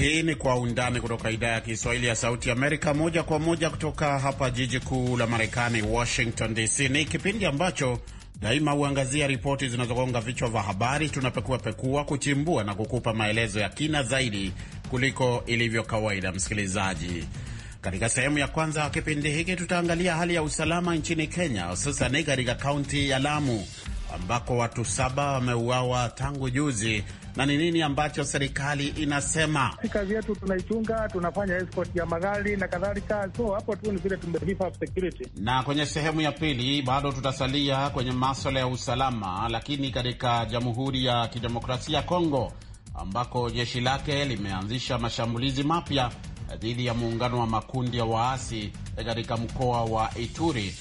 Hii ni Kwa Undani kutoka idhaa ya Kiswahili ya Sauti Amerika, moja kwa moja kutoka hapa jiji kuu la Marekani, Washington DC. Ni kipindi ambacho daima huangazia ripoti zinazogonga vichwa vya habari. Tunapekuapekua, kuchimbua na kukupa maelezo ya kina zaidi kuliko ilivyo kawaida. Msikilizaji, katika sehemu ya kwanza ya kipindi hiki tutaangalia hali ya usalama nchini Kenya, hususani katika kaunti ya Lamu ambako watu saba wameuawa tangu juzi na ni nini ambacho serikali inasema? Si kazi yetu, tunaichunga, tunafanya escort ya magari na kadhalika, so hapo tu ni vile tumevipa security. Na kwenye sehemu ya pili bado tutasalia kwenye maswala ya usalama, lakini katika Jamhuri ya Kidemokrasia ya Kongo ambako jeshi lake limeanzisha mashambulizi mapya dhidi ya muungano wa makundi ya waasi katika mkoa wa Ituri,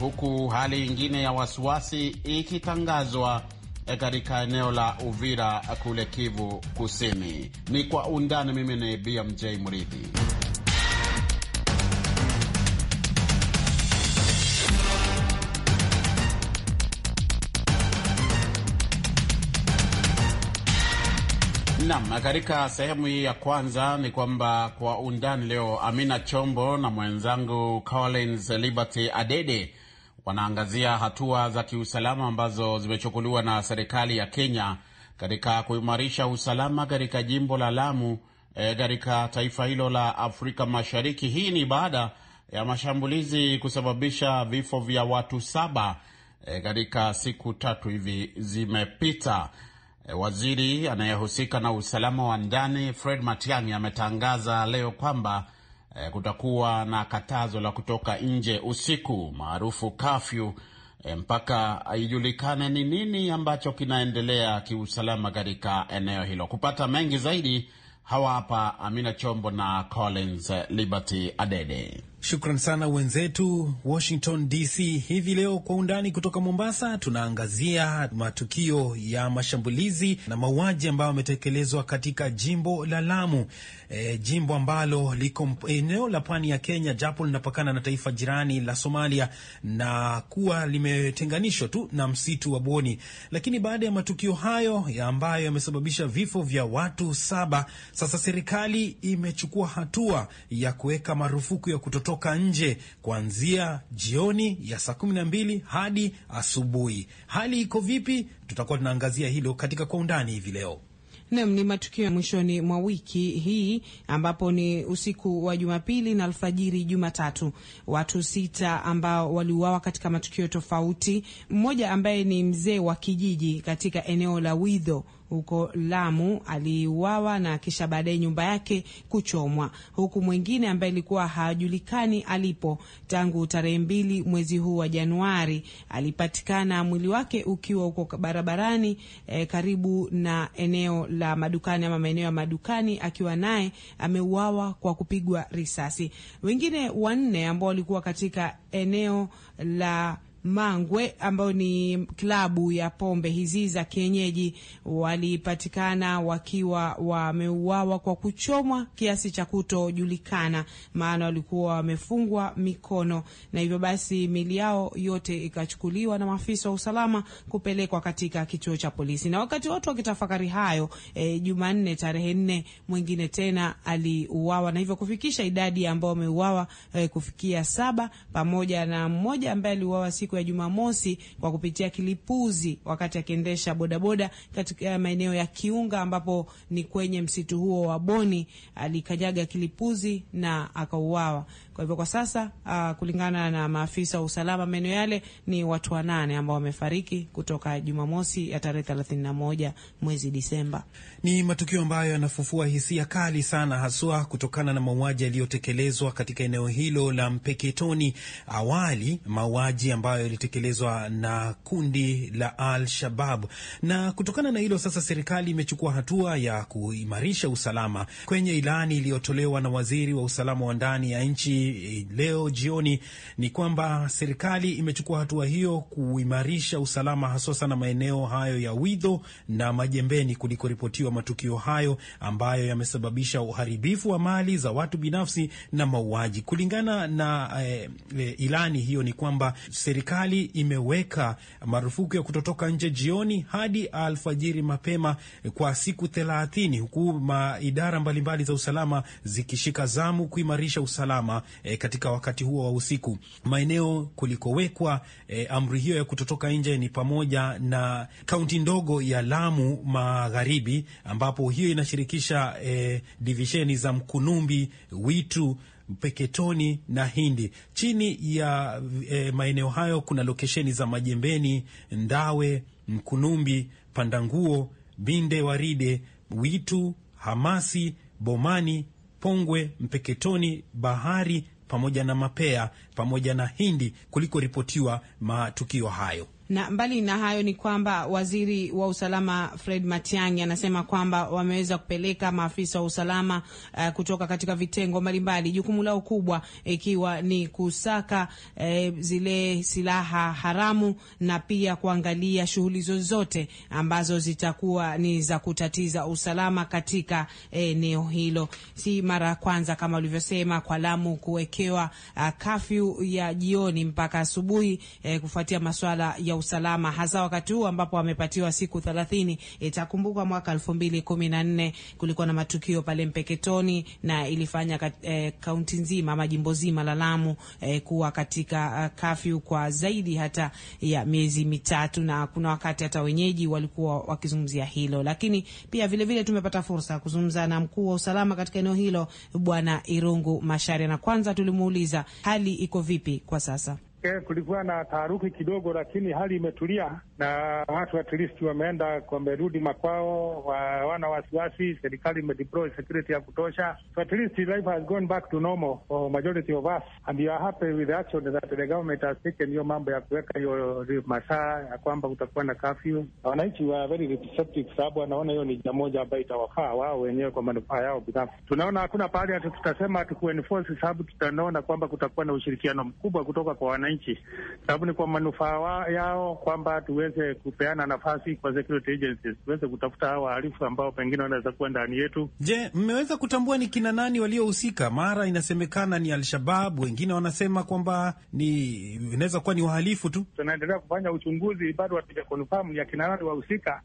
huku hali ingine ya wasiwasi ikitangazwa Eh, katika eneo la Uvira eh, kule Kivu Kusini. Ni kwa undani. Mimi ni BMJ Mridhi. Nam, katika sehemu hii ya kwanza ni kwamba kwa undani leo, Amina Chombo na mwenzangu Collins Liberty Adede wanaangazia hatua za kiusalama ambazo zimechukuliwa na serikali ya Kenya katika kuimarisha usalama katika jimbo la Lamu eh, katika e, taifa hilo la Afrika Mashariki. Hii ni baada ya mashambulizi kusababisha vifo vya watu saba eh, katika e, siku tatu hivi zimepita. E, waziri anayehusika na usalama wa ndani Fred Matiang'i ametangaza leo kwamba eh, kutakuwa na katazo la kutoka nje usiku maarufu kafyu, eh, mpaka ijulikane ni nini ambacho kinaendelea kiusalama katika eneo hilo. Kupata mengi zaidi, hawa hapa Amina Chombo na Collins Liberty Adede. Shukran sana wenzetu Washington DC. Hivi leo kwa undani kutoka Mombasa, tunaangazia matukio ya mashambulizi na mauaji ambayo yametekelezwa katika jimbo la Lamu, e, jimbo ambalo liko eneo la pwani ya Kenya, japo linapakana na taifa jirani la Somalia na kuwa limetenganishwa tu na msitu wa Boni. Lakini baada ya matukio hayo ya ambayo yamesababisha vifo vya watu saba, sasa serikali imechukua hatua ya kuweka marufuku ya kutotoa kutoka nje kuanzia jioni ya saa kumi na mbili hadi asubuhi. Hali iko vipi? Tutakuwa tunaangazia hilo katika kwa undani hivi leo. Nam, ni matukio ya mwishoni mwa wiki hii ambapo ni usiku wa Jumapili na alfajiri Jumatatu, watu sita ambao waliuawa katika matukio tofauti, mmoja ambaye ni mzee wa kijiji katika eneo la Widho huko Lamu aliuawa na kisha baadaye nyumba yake kuchomwa, huku mwingine ambaye alikuwa hajulikani alipo tangu tarehe mbili mwezi huu wa Januari alipatikana mwili wake ukiwa huko barabarani e, karibu na eneo la madukani ama maeneo ya madukani, akiwa naye ameuawa kwa kupigwa risasi. Wengine wanne ambao walikuwa katika eneo la Mangwe ambayo ni klabu ya pombe hizi za kienyeji walipatikana wakiwa wameuawa kwa kuchomwa kiasi cha kutojulikana, maana walikuwa wamefungwa mikono, na hivyo basi mili yao yote ikachukuliwa na maafisa wa usalama kupelekwa katika kituo cha polisi. Na wakati watu wakitafakari hayo, e, Jumanne tarehe nne mwingine tena aliuawa, na hivyo kufikisha idadi ambao wameuawa e, kufikia saba, pamoja na mmoja ambaye aliuawa siku siku ya Jumamosi kwa kupitia kilipuzi wakati akiendesha bodaboda katika maeneo ya Kiunga ambapo ni kwenye msitu huo wa Boni. Alikanyaga kilipuzi na akauawa. Kwa hivyo kwa sasa uh, kulingana na maafisa wa usalama maeneo yale ni watu wanane ambao wamefariki kutoka Jumamosi ya tarehe 31 mwezi Disemba. Ni matukio ambayo yanafufua hisia kali sana, haswa kutokana na mauaji yaliyotekelezwa katika eneo hilo la Mpeketoni awali, mauaji ambayo yalitekelezwa na kundi la Al Shabab. Na kutokana na hilo sasa, serikali imechukua hatua ya kuimarisha usalama kwenye ilani iliyotolewa na waziri wa usalama wa ndani ya nchi leo jioni ni kwamba serikali imechukua hatua hiyo kuimarisha usalama haswa sana maeneo hayo ya Widho na Majembeni kulikoripotiwa matukio hayo ambayo yamesababisha uharibifu wa mali za watu binafsi na mauaji. Kulingana na eh, eh, ilani hiyo ni kwamba serikali imeweka marufuku ya kutotoka nje jioni hadi alfajiri mapema kwa siku thelathini huku maidara mbalimbali za usalama zikishika zamu kuimarisha usalama e, katika wakati huo wa usiku. Maeneo kulikowekwa e, amri hiyo ya kutotoka nje ni pamoja na kaunti ndogo ya Lamu Magharibi ambapo hiyo inashirikisha e, divisheni za Mkunumbi, Witu Peketoni na Hindi. Chini ya e, maeneo hayo kuna lokesheni za Majembeni, Ndawe, Mkunumbi, Pandanguo, Binde Waride, Witu, Hamasi, Bomani pongwe, mpeketoni, bahari pamoja na mapea pamoja na hindi kulikoripotiwa matukio hayo. Na mbali na hayo ni kwamba waziri wa usalama Fred Matiang'i anasema kwamba wameweza kupeleka maafisa wa usalama uh, kutoka katika vitengo mbalimbali, jukumu lao kubwa ikiwa ni kusaka uh, zile silaha haramu na pia kuangalia shughuli zozote ambazo zitakuwa ni za kutatiza usalama katika eneo hilo. Si mara ya kwanza kama ulivyosema kwa Lamu kuwekewa uh, kafyu ya jioni mpaka asubuhi uh, kufuatia masuala ya usalama, hasa wakati huu ambapo amepatiwa siku thelathini. Itakumbukwa mwaka elfu mbili kumi na nne kulikuwa na matukio pale Mpeketoni na ilifanya eh, kaunti eh, nzima ama jimbo zima la Lamu eh, kuwa katika uh, eh, kafyu kwa zaidi hata ya miezi mitatu, na kuna wakati hata wenyeji walikuwa wakizungumzia hilo, lakini pia vile vile tumepata fursa ya kuzungumza na mkuu wa usalama katika eneo hilo Bwana Irungu Mashari, na kwanza tulimuuliza hali iko vipi kwa sasa. Eh, kulikuwa na taharuki kidogo, lakini hali imetulia na watu at least wameenda, wamerudi makwao, hawana wasiwasi. Serikali imedeploy security ya kutosha, so at least life has gone back to normal for majority of us and you are happy with the action that the government has taken. Hiyo mambo ya kuweka hiyo masaa ya kwamba kutakuwa na kafyu, wananchi wa very receptive, sababu wanaona hiyo ni jambo moja ambayo itawafaa wao wenyewe kwa manufaa yao binafsi. Tunaona hakuna pahali hata tutasema hatukuenforce, sababu tutanaona kwamba kutakuwa na ushirikiano mkubwa kutoka kwa wananchi, sababu ni kwa manufaa yao kwamba tuwe tuweze kupeana nafasi kwa security agencies, tuweze kutafuta hawa wahalifu ambao pengine wanaweza kuwa ndani yetu. Je, mmeweza kutambua ni kina nani waliohusika? Mara inasemekana ni Alshabab, wengine wanasema kwamba ni inaweza kuwa ni wahalifu tu. Tunaendelea kufanya uchunguzi, bado hatuja confirm ni akina nani wahusika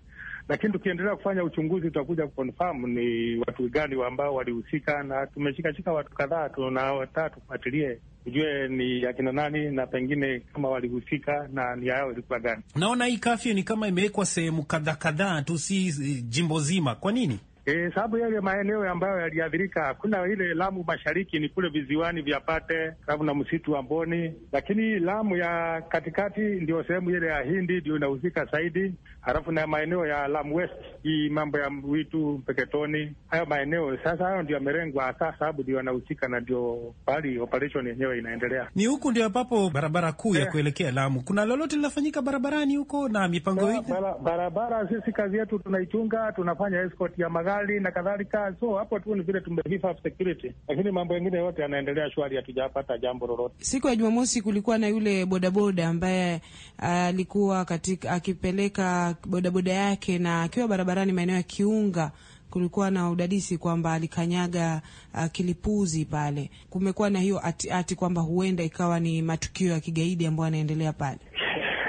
lakini tukiendelea kufanya uchunguzi tutakuja kuconfirm ni watu gani ambao walihusika, na tumeshikashika watu kadhaa, tunawataka tufuatilie ujue ni akina nani na pengine kama walihusika na nia yao ilikuwa gani. Naona hii kafyu ni kama imewekwa sehemu kadhaa kadhaa tu, si eh, jimbo zima. Kwa nini? E, sababu yale maeneo ambayo yaliathirika hakuna ile Lamu mashariki ni kule viziwani vya Pate, Lamu na msitu wa Mboni, lakini Lamu ya katikati ndio sehemu ile ya Hindi ndio inahusika zaidi, halafu na maeneo ya Lamu West, hii mambo ya Mwitu, Mpeketoni, hayo maeneo sasa, hayo ndio yamelengwa hasa, sababu ndio yanahusika na ndio pahali operation yenyewe inaendelea. Ni huku ndio ambapo barabara kuu ya yeah, kuelekea Lamu. Kuna lolote linafanyika barabarani huko na mipango hii? Barabara sisi kazi yetu tunaichunga, tunafanya escort ya magari serikali na kadhalika. So hapo tu ni vile tumevifa security, lakini mambo mengine yote yanaendelea shwari, hatujapata jambo lolote. Siku ya Jumamosi kulikuwa na yule bodaboda ambaye ah, alikuwa katika akipeleka bodaboda yake na akiwa barabarani maeneo ya Kiunga kulikuwa na udadisi kwamba alikanyaga uh, kilipuzi pale. Kumekuwa na hiyo ati, ati kwamba huenda ikawa ni matukio ya kigaidi ambayo yanaendelea pale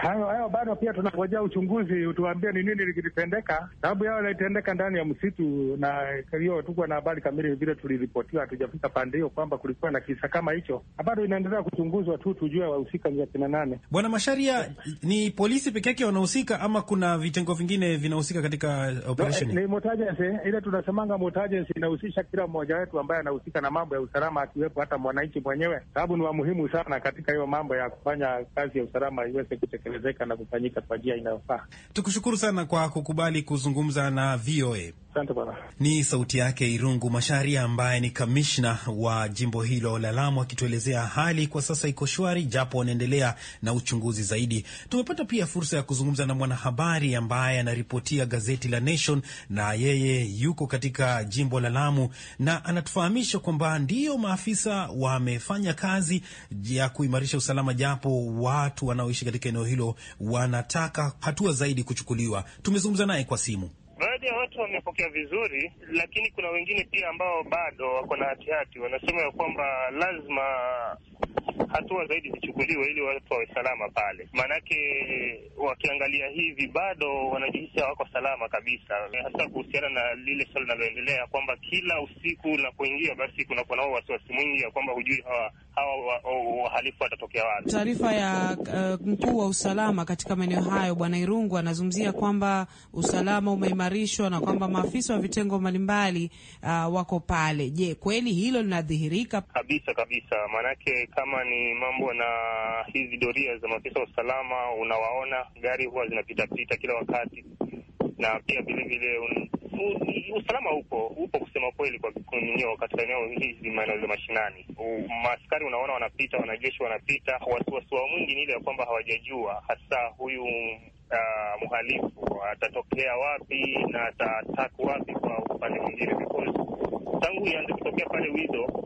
hayo hayo bado pia tunangojea uchunguzi utuambie ni nini likitendeka, sababu yao yalitendeka ndani ya msitu, na hiyo tukuwa na habari kamili vile tuliripotiwa. Hatujafika pande hiyo kwamba kulikuwa na kisa kama hicho, bado inaendelea kuchunguzwa tu tujue wahusika ni akina nane. Bwana Masharia, ni polisi peke yake wanahusika ama kuna vitengo vingine vinahusika katika operation? No, ni motajensi ile tunasemanga motajensi inahusisha kila mmoja wetu ambaye anahusika na mambo ya usalama, akiwepo hata mwananchi mwenyewe, sababu ni wa muhimu sana katika hiyo mambo ya kufanya kazi ya usalama iweze kutekelezwa kuongezeka na kufanyika kwa njia inayofaa. Tukushukuru sana kwa kukubali kuzungumza na VOA. Asante bwana. Ni sauti yake Irungu Masharia, ambaye ni kamishna wa jimbo hilo la Lamu, akituelezea hali kwa sasa iko shwari, japo wanaendelea na uchunguzi zaidi. Tumepata pia fursa ya kuzungumza na mwanahabari ambaye anaripotia gazeti la Nation, na yeye yuko katika jimbo la Lamu, na anatufahamisha kwamba ndiyo maafisa wamefanya kazi ya kuimarisha usalama, japo watu wanaoishi katika eneo hilo wanataka hatua zaidi kuchukuliwa. Tumezungumza naye kwa simu baadhi ya watu wamepokea vizuri, lakini kuna wengine pia ambao bado wako na hatihati, wanasema ya kwamba lazima hatua zaidi zichukuliwe ili watu wawe salama pale. Maanake wakiangalia hivi bado wanajihisi hawako salama kabisa, hasa kuhusiana na lile swala linaloendelea kwamba kila usiku unapoingia basi kunakuwa nao wasiwasi mwingi ya kwamba hujui hawa hawa wahalifu watatokea wapi? Taarifa ya uh, mkuu wa usalama katika maeneo hayo Bwana Irungu anazungumzia kwamba usalama umeimarishwa na kwamba maafisa wa vitengo mbalimbali uh, wako pale. Je, kweli hilo linadhihirika kabisa kabisa? Maanake kama ni mambo na hizi doria za maafisa wa usalama, unawaona gari huwa zinapitapita kila wakati, na pia vilevile usalama huko upo, kusema kweli, kwa kunio katika eneo hizi maeneo za mashinani, maaskari unaona wanapita, wanajeshi wanapita. wa mwingi ni ile ya kwamba hawajajua hasa huyu Uh, ah, mhalifu atatokea wapi na atatak wapi kwa upande mwingine, because tangu ianze kutokea pale Wido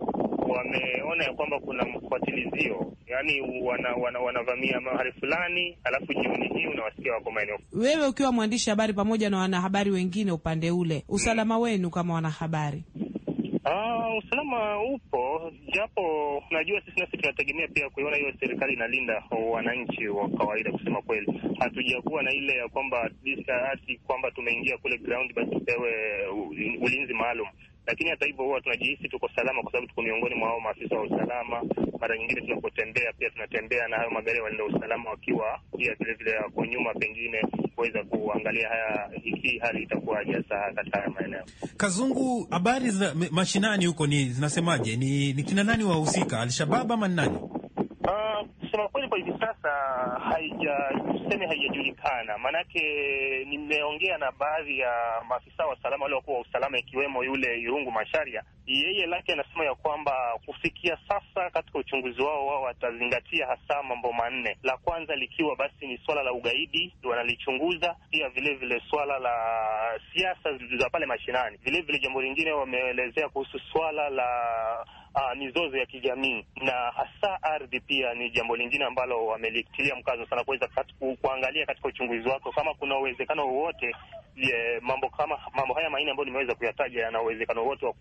wameona ya kwamba kuna mfuatilizio, yaani wanavamia wana, wana mahali fulani, alafu jioni hii unawasikia wako maeneo. Wewe ukiwa mwandishi habari pamoja na wanahabari wengine upande ule, usalama wenu kama wanahabari? Uh, usalama upo japo najua sisi nasi tunategemea pia kuiona hiyo serikali inalinda wananchi wa kawaida. Kusema kweli, hatujakuwa na ile ya kwamba ah, ati kwamba tumeingia kule ground basi tupewe ulinzi maalum. Lakini hata hivyo, huwa tunajihisi tuko salama kwa sababu tuko miongoni mwa hao maafisa wa usalama. Mara nyingine tunapotembea, pia tunatembea na hayo magari ya walinda usalama, wakiwa pia vilevile wako nyuma, pengine kuweza kuangalia haya hiki hali itakuwaje hasa katika haya maeneo. Kazungu, habari za mashinani huko ni zinasemaje? Ni, ni kina nani wahusika, Alshabab ama ni nani? Ah, Kusema kweli kwa hivi sasa haijaseme haijajulikana, maanake nimeongea na baadhi ya maafisa wa usalama wale wakuwa wa usalama, ikiwemo yule Irungu Masharia, yeye lake anasema ya kwamba kufikia sasa katika uchunguzi wao wao watazingatia hasa mambo manne, la kwanza likiwa basi ni swala la ugaidi, wanalichunguza pia vile vile swala la siasa za pale mashinani. Vile vile jambo lingine wameelezea kuhusu swala la uh, mizozo ya kijamii na hasa ardhi. Pia ni jambo lingine ambalo wamelitilia mkazo sana, kuweza kuangalia katika uchunguzi wako kama kuna uwezekano wowote mambo kama mambo haya manne ambayo nimeweza kuyataja yana uwezekano wote wa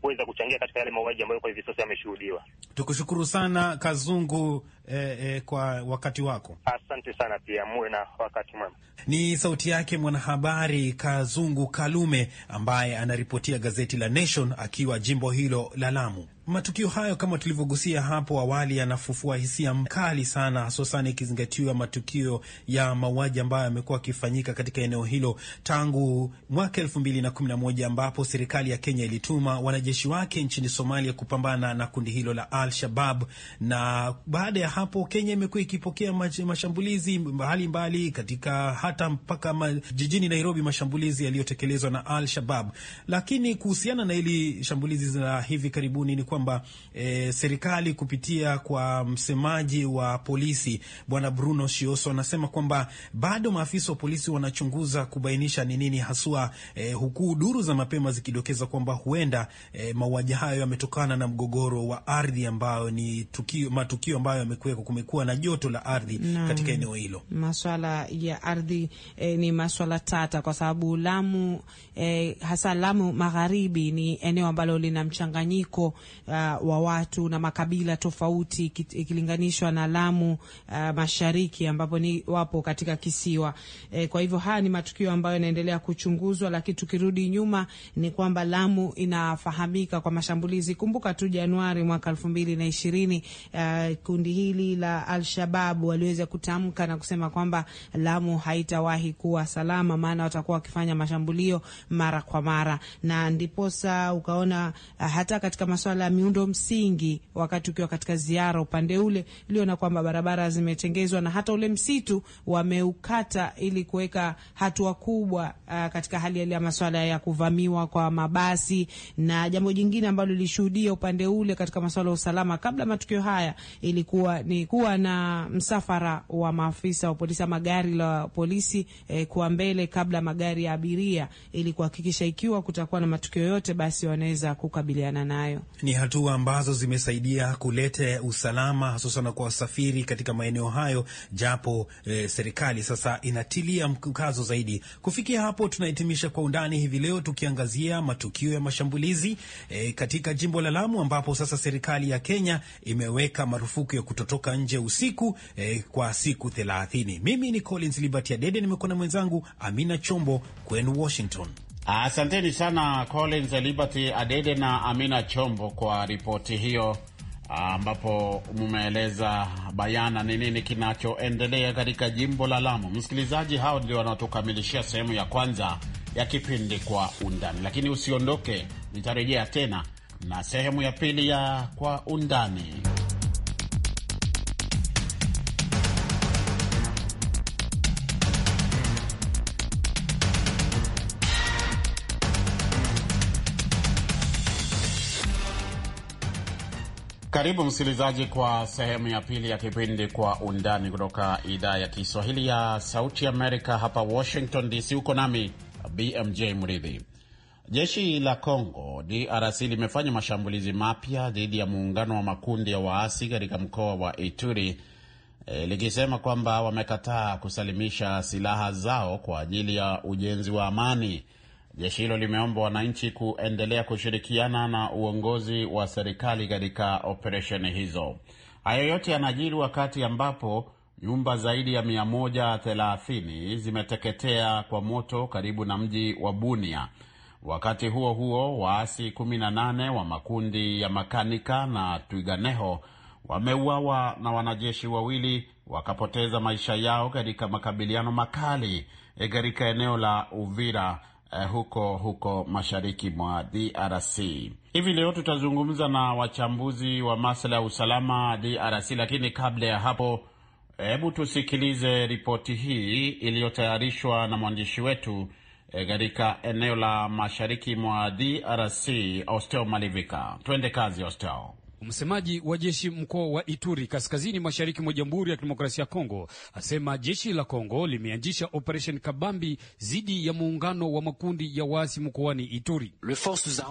kuweza kuchangia katika yale mauaji ambayo kwa hivi sasa yameshuhudiwa. Tukushukuru sana Kazungu eh, eh, kwa wakati wako, asante sana pia, muwe na wakati mwema. Ni sauti yake mwanahabari Kazungu Kalume ambaye anaripotia gazeti la Nation akiwa jimbo hilo la Lamu. Matukio hayo kama tulivyogusia hapo awali yanafufua hisia mkali sana, hususan ikizingatiwa matukio ya mauaji ambayo yamekuwa yakifanyika katika eneo hilo tangu mwaka elfu mbili na kumi na moja ambapo serikali ya Kenya ilituma wanajeshi wake nchini Somalia kupambana na kundi hilo la Al Shabab. Na baada ya hapo, Kenya imekuwa ikipokea mashambulizi mbalimbali katika hata mpaka jijini Nairobi, mashambulizi yaliyotekelezwa na Al Shabab. Lakini kuhusiana na hili shambulizi za hivi karibuni ni kwamba e, serikali kupitia kwa msemaji wa polisi bwana Bruno Shioso anasema kwamba bado maafisa wa polisi wanachunguza kubainisha ni nini haswa e, huku duru za mapema zikidokeza kwamba huenda e, mauaji hayo yametokana na mgogoro wa ardhi ambayo ni tukio, matukio ambayo yamekuweko, kumekuwa na joto la ardhi katika eneo hilo. Maswala ya ardhi e, ni maswala tata kwa sababu Lamu e, hasa Lamu Magharibi ni eneo ambalo lina mchanganyiko uh, wa watu na makabila tofauti ikilinganishwa na Lamu uh, Mashariki ambapo ni wapo katika kisiwa e, kwa hivyo haya ni matukio ambayo yanaendelea kuchunguzwa, lakini tukirudi nyuma ni kwamba Lamu inafahamika kwa mashambulizi. Kumbuka tu Januari mwaka elfu mbili na ishirini uh, kundi hili la Al-Shabab waliweza kutamka na kusema kwamba Lamu haitawahi kuwa salama, maana watakuwa wakifanya mashambulio mara kwa mara, na ndiposa ukaona uh, hata katika masuala ya miundo msingi wakati ukiwa katika ziara upande ule, uliona kwamba barabara zimetengezwa na hata ule msitu wameukata ili kuweka hatua kubwa uh, katika hali ile ya masuala ya kuvamiwa kwa mabasi. Na jambo jingine ambalo lilishuhudia upande ule katika masuala ya usalama kabla matukio haya ilikuwa ni kuwa na msafara wa maafisa wa polisi ama gari la polisi eh, kwa mbele kabla magari ya abiria ili kuhakikisha ikiwa kutakuwa na matukio yote basi wanaweza kukabiliana nayo ni hatua ambazo zimesaidia kuleta usalama hususan kwa wasafiri katika maeneo hayo, japo eh, serikali sasa inatilia mkazo zaidi. Kufikia hapo, tunahitimisha kwa undani hivi leo tukiangazia matukio ya mashambulizi eh, katika jimbo la Lamu ambapo sasa serikali ya Kenya imeweka marufuku ya kutotoka nje usiku eh, kwa siku thelathini. Mimi ni Collins Liberty Adede, nimekuwa na mwenzangu Amina Chombo kwenu Washington. Asanteni sana Collins Liberty Adede na Amina Chombo kwa ripoti hiyo, ambapo mumeeleza bayana ni nini kinachoendelea katika jimbo la Lamu. Msikilizaji, hao ndio wanatukamilishia sehemu ya kwanza ya kipindi Kwa Undani, lakini usiondoke, nitarejea tena na sehemu ya pili ya Kwa Undani. Karibu msikilizaji kwa sehemu ya pili ya kipindi Kwa Undani kutoka idhaa ya Kiswahili ya Sauti Amerika hapa Washington DC. Uko nami BMJ Mridhi. Jeshi la Congo DRC limefanya mashambulizi mapya dhidi ya muungano wa makundi ya waasi katika mkoa wa Ituri e, likisema kwamba wamekataa kusalimisha silaha zao kwa ajili ya ujenzi wa amani. Jeshi hilo limeomba wananchi kuendelea kushirikiana na uongozi wa serikali katika operesheni hizo. Hayo yote yanajiri wakati ambapo nyumba zaidi ya 130 zimeteketea kwa moto karibu na mji wa Bunia. Wakati huo huo, waasi 18 wa makundi ya Makanika na Twiganeho wameuawa na wanajeshi wawili wakapoteza maisha yao katika makabiliano makali katika eneo la Uvira uh, huko huko mashariki mwa DRC. Hivi leo tutazungumza na wachambuzi wa masuala ya usalama DRC, lakini kabla ya hapo, hebu tusikilize ripoti hii iliyotayarishwa na mwandishi wetu eh, katika eneo la mashariki mwa DRC, Ostel Malivika. Twende kazi, Ostel. Msemaji wa jeshi mkoa wa Ituri kaskazini mashariki mwa Jamhuri ya Kidemokrasia ya Kongo asema jeshi la Kongo limeanzisha operesheni kabambi dhidi ya muungano wa makundi ya waasi mkoani Ituri.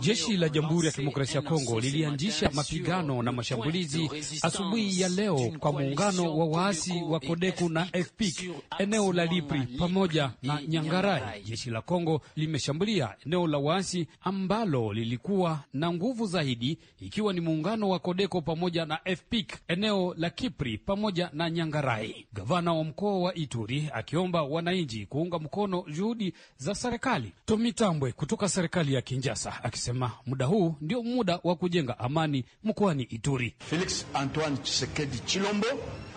Jeshi la Jamhuri ya Kidemokrasia ya Kongo lilianzisha mapigano na mashambulizi asubuhi ya leo kwa muungano wa waasi wa Kodeku na FPIC eneo la Lipri pamoja na Nyangarai. Jeshi la Kongo limeshambulia eneo la waasi ambalo lilikuwa na nguvu zaidi, ikiwa ni muungano wa Kodeko pamoja na FPIC eneo la Kipri pamoja na Nyangarai. Gavana wa mkoa wa Ituri akiomba wananchi kuunga mkono juhudi za serikali. Tomi Tambwe kutoka serikali ya kinjasa akisema muda huu ndio muda wa kujenga amani mkoani Ituri. Felix Antoine Tshisekedi Chilombo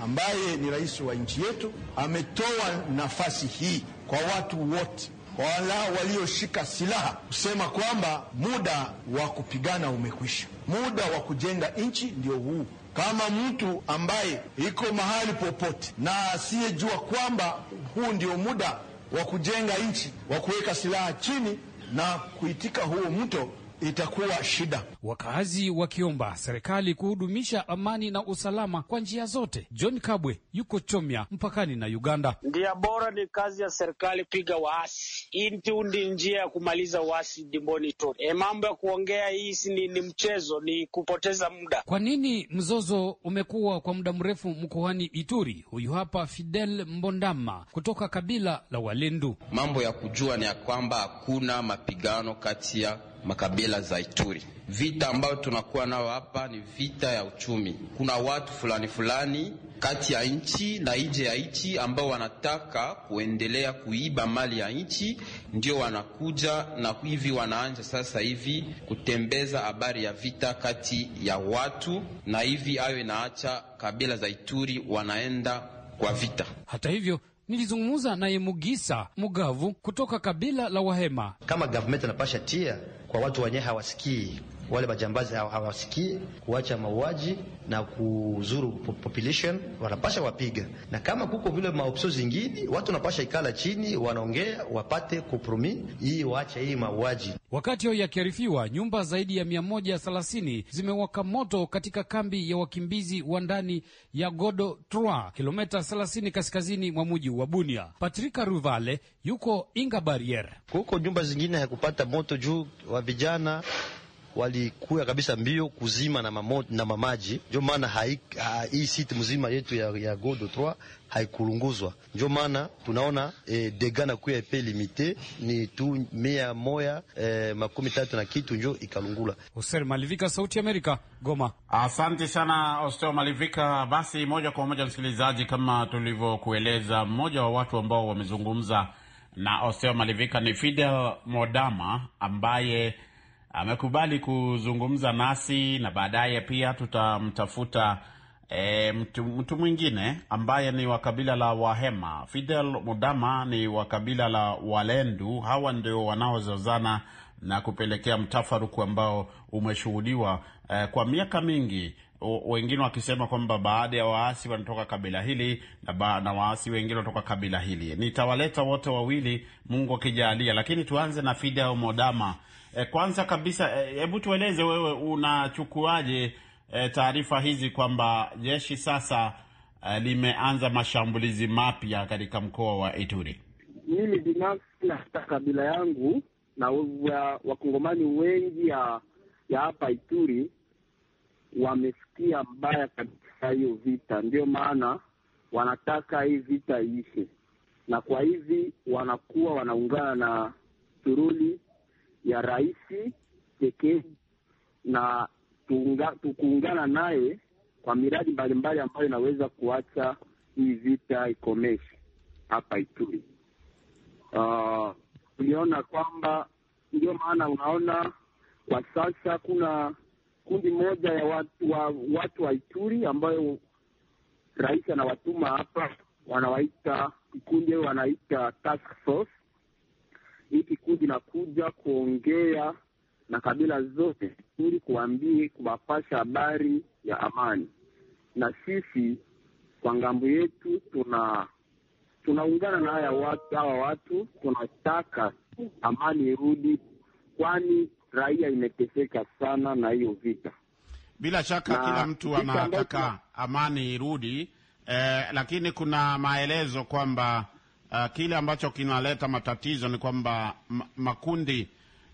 ambaye ni rais wa nchi yetu ametoa nafasi hii kwa watu wote wala walioshika silaha kusema kwamba muda wa kupigana umekwisha, muda wa kujenga nchi ndio huu. Kama mtu ambaye iko mahali popote na asiyejua kwamba huu ndio muda wa kujenga nchi, wa kuweka silaha chini na kuitika huo mto itakuwa shida. Wakazi wakiomba serikali kuhudumisha amani na usalama kwa njia zote. John Kabwe yuko Chomya mpakani na Uganda. Ndia bora ni kazi ya serikali piga waasi, hii ndi njia ya kumaliza waasi dimboni Ituri. E, mambo ya kuongea hii ni, ni mchezo, ni kupoteza muda. Kwa nini mzozo umekuwa kwa muda mrefu mkoani Ituri? Huyu hapa Fidel Mbondama kutoka kabila la Walendu. Mambo ya kujua ni ya kwamba hakuna mapigano kati ya makabila za Ituri. Vita ambayo tunakuwa nao hapa ni vita ya uchumi. Kuna watu fulani fulani kati ya nchi na nje ya nchi ambao wanataka kuendelea kuiba mali ya nchi, ndio wanakuja na hivi wanaanja sasa hivi kutembeza habari ya vita kati ya watu, na hivi ayo inaacha kabila za Ituri wanaenda kwa vita. Hata hivyo nilizungumza naye Mugisa Mugavu kutoka kabila la Wahema. Kama gavumenti anapasha tia kwa watu wenye hawasikii wale majambazi hawasikii kuacha mauaji na kuzuru population, wanapasha wapiga, na kama kuko vile maopsio zingine, watu wanapasha ikala chini, wanaongea wapate kompromi hii, waache hii mauaji. Wakati huo yakiarifiwa, nyumba zaidi ya 130 zimewaka moto katika kambi ya wakimbizi wa ndani ya Godo t kilometa 30 kaskazini mwa muji wa Bunia. Patrika Ruvale yuko Inga Barriere. Kuko nyumba zingine hakupata moto juu wa vijana walikuya kabisa mbio kuzima na, mamo, na mamaji. Ndio maana hii site mzima yetu ya, ya Godo 3 haikulunguzwa. Ndio maana tunaona e, eh, dega na kuya pe limite ni tu mia moya e, makumi tatu na kitu njo ikalungula. Hussein Malivika, Sauti ya Amerika, Goma. Asante sana Osteo Malivika. Basi moja kwa moja, msikilizaji, kama tulivyokueleza, mmoja wa watu ambao wamezungumza na Osteo Malivika ni Fidel Modama ambaye amekubali kuzungumza nasi na baadaye pia tutamtafuta e, mtu, mtu mwingine ambaye ni wa kabila la Wahema. Fidel Mudama ni wa kabila la Walendu. Hawa ndio wanaozozana na kupelekea mtafaruku ambao umeshuhudiwa e, kwa miaka mingi wengine wakisema kwamba baadhi ya waasi wanatoka kabila hili na, ba, na waasi wengine wanatoka kabila hili. Nitawaleta wote wawili Mungu akijalia, lakini tuanze na Fidel Modama. E, kwanza kabisa eh, hebu e, tueleze wewe unachukuaje e, taarifa hizi kwamba jeshi sasa e, limeanza mashambulizi mapya katika mkoa wa Ituri? Mimi binafsi na hata kabila yangu na wakongomani wengi ya ya hapa Ituri wamesikia mbaya kabisa hiyo vita, ndio maana wanataka hii vita iishe, na kwa hivi wanakuwa wanaungana na turuli ya rais pekee na tukuungana naye kwa miradi mbalimbali ambayo inaweza kuacha hii vita ikomeshe hapa Ituri. Uh, tuliona kwamba ndio maana unaona kwa sasa kuna kundi moja ya watu wa, watu wa Ituri ambayo rais anawatuma hapa, wanawaita kikundi wanaita task force hiki kundi la kuja kuongea na kabila zote ili kuambie kuwapasha habari ya amani, na sisi kwa ngambo yetu tuna tunaungana na haya watu, hawa watu tunataka amani irudi, kwani raia imeteseka sana na hiyo vita. Bila shaka na kila mtu anataka amani irudi eh, lakini kuna maelezo kwamba Uh, kile ambacho kinaleta matatizo ni kwamba makundi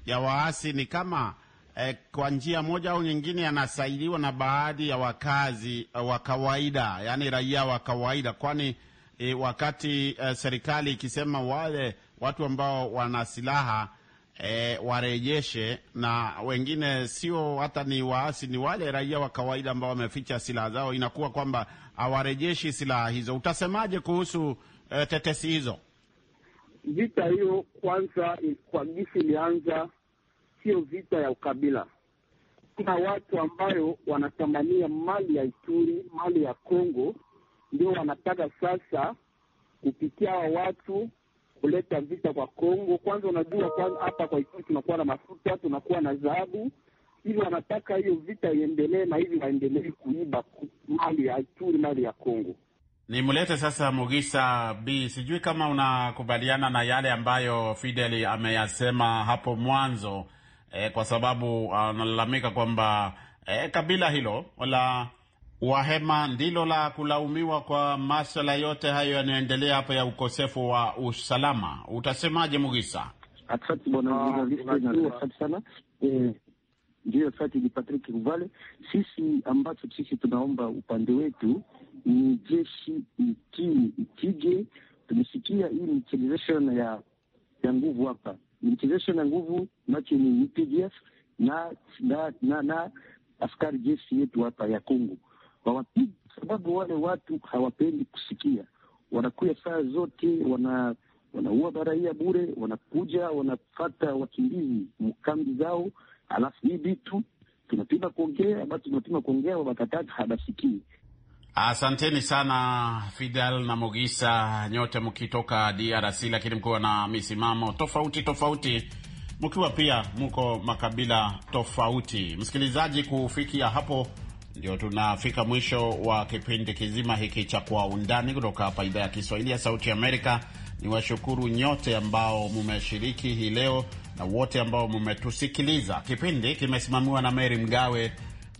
ya waasi ni kama eh, kwa njia moja au nyingine yanasaidiwa na baadhi ya wakazi eh, wa kawaida, yani raia wa kawaida, kwani eh, wakati eh, serikali ikisema wale watu ambao wana silaha E, warejeshe, na wengine sio hata ni waasi, ni wale raia wa kawaida ambao wameficha silaha zao, inakuwa kwamba hawarejeshi silaha hizo. Utasemaje kuhusu uh, tetesi hizo? Vita hiyo kwanza, kwa gisi ilianza, sio vita ya ukabila. Kuna watu ambayo wanatamania mali ya Ituri, mali ya Kongo, ndio wanataka sasa kupitia hawa watu kuleta vita kwa Kongo. Kwanza unajua, kwanza hapa kwa Ituri tunakuwa na mafuta, tunakuwa na dhahabu, hivi wanataka hiyo vita iendelee, na hivi waendelee kuiba mali ya Ituri, mali ya Kongo. Nimlete sasa Mugisa B, sijui kama unakubaliana na yale ambayo Fidel ameyasema hapo mwanzo eh, kwa sababu ah, analalamika uh, kwamba eh, kabila hilo la Wahema ndilo la kulaumiwa kwa maswala yote hayo yanayoendelea hapo ya ukosefu wa usalama. Utasemaje Mugisa? Asante bwana ah, asante sana. Eh, Ndiyo, asante ni Patrick Ruvale. Sisi ambacho sisi tunaomba upande wetu ni jeshi nchini ikije. Tumesikia hii mcheezeshon ya ya nguvu hapa, mcheezeshon ya nguvu macho ni UPDF na, na, na, na askari jeshi yetu hapa ya Kongo wawapigi, sababu wale watu hawapendi kusikia, wanakuya saa zote wana wanaua baraia bure, wanakuja wanafata wakimbizi mkambi zao, alafu hii vitu tunapima kuongea ama tunapima kuongea, wabakataka habasikii Asanteni sana Fidel na Mogisa, nyote mkitoka DRC, lakini mkiwa na misimamo tofauti tofauti, mkiwa pia mko makabila tofauti. Msikilizaji, kufikia hapo ndio tunafika mwisho wa kipindi kizima hiki cha Kwa Undani kutoka hapa idhaa ya Kiswahili ya Sauti Amerika. Ni washukuru nyote ambao mmeshiriki hii leo na wote ambao mmetusikiliza. Kipindi kimesimamiwa na Meri Mgawe.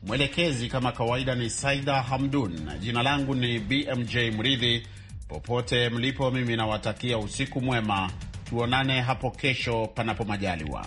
Mwelekezi kama kawaida ni Saida Hamdun. Jina langu ni BMJ Mridhi. Popote mlipo, mimi nawatakia usiku mwema, tuonane hapo kesho, panapo majaliwa.